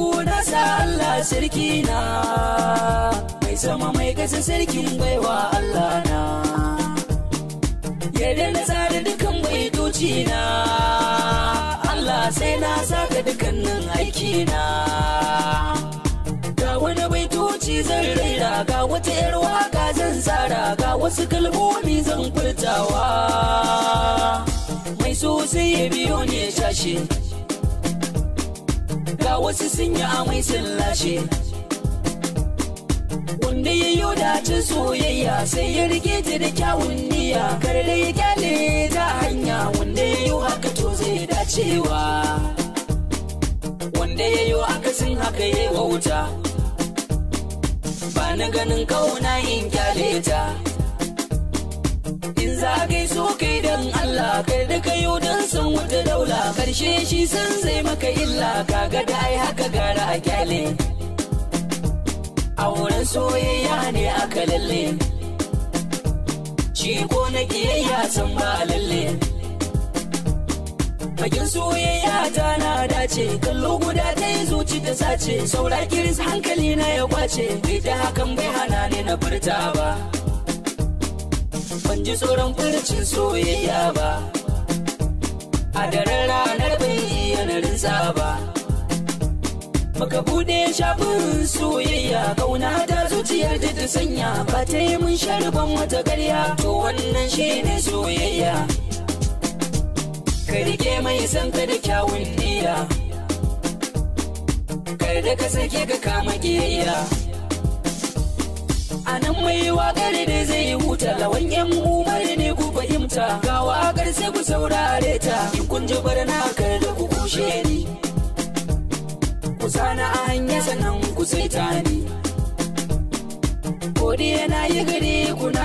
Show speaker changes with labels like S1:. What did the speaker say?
S1: ku sa Allah sarki na mai sama mai kasa sarkin baiwa Allah na yarda na tsara dukan doci na Allah sai na saka dukannin aiki na ga wani baitoci zan raira ga wata yar waka zan tsara ga wasu kalmomi zan furtawa mai sosai ya biyo ne shashi ga wasu sun yi amai sun lashe wanda ya yi dacin soyayya sai ya rike ta da kyawun niyya kar da ya kyale ta hanya wanda ya yi haka to zai dacewa wanda ya yi akasin haka ya wauta ba na ganin kauna in kyale ta zagai so kai dan Allah kar da kayo dan san wata daula karshe shi san zai maka illa kaga da ai haka gara a kyale auren soyayya ne aka lalle shi ko na kiyayya san ba lalle bakin soyayya ta na dace kallo guda ta yi zuci ta sace saura kiris hankali na ya kwace bai ta hakan bai hana ne na furta ba ban ji tsoron furcin soyayya ba a daren ranar bai bayyanarin ba Maka bude shafin soyayya kauna ta zuciyar da ta sanya ba ta yi mun sharban wata karya to wannan shi ne soyayya ka rike mai san ka da kyawun niyya kar da ka sake ka kama kiyayya a nan mai wakar ne zai huta lawan yan umar ne ku fahimta ga wakar sai ku saurare ta in kun ji barna kar da ku kushe ni ku sana a hanya sannan ku sai ta ni godiya na yi gari kuna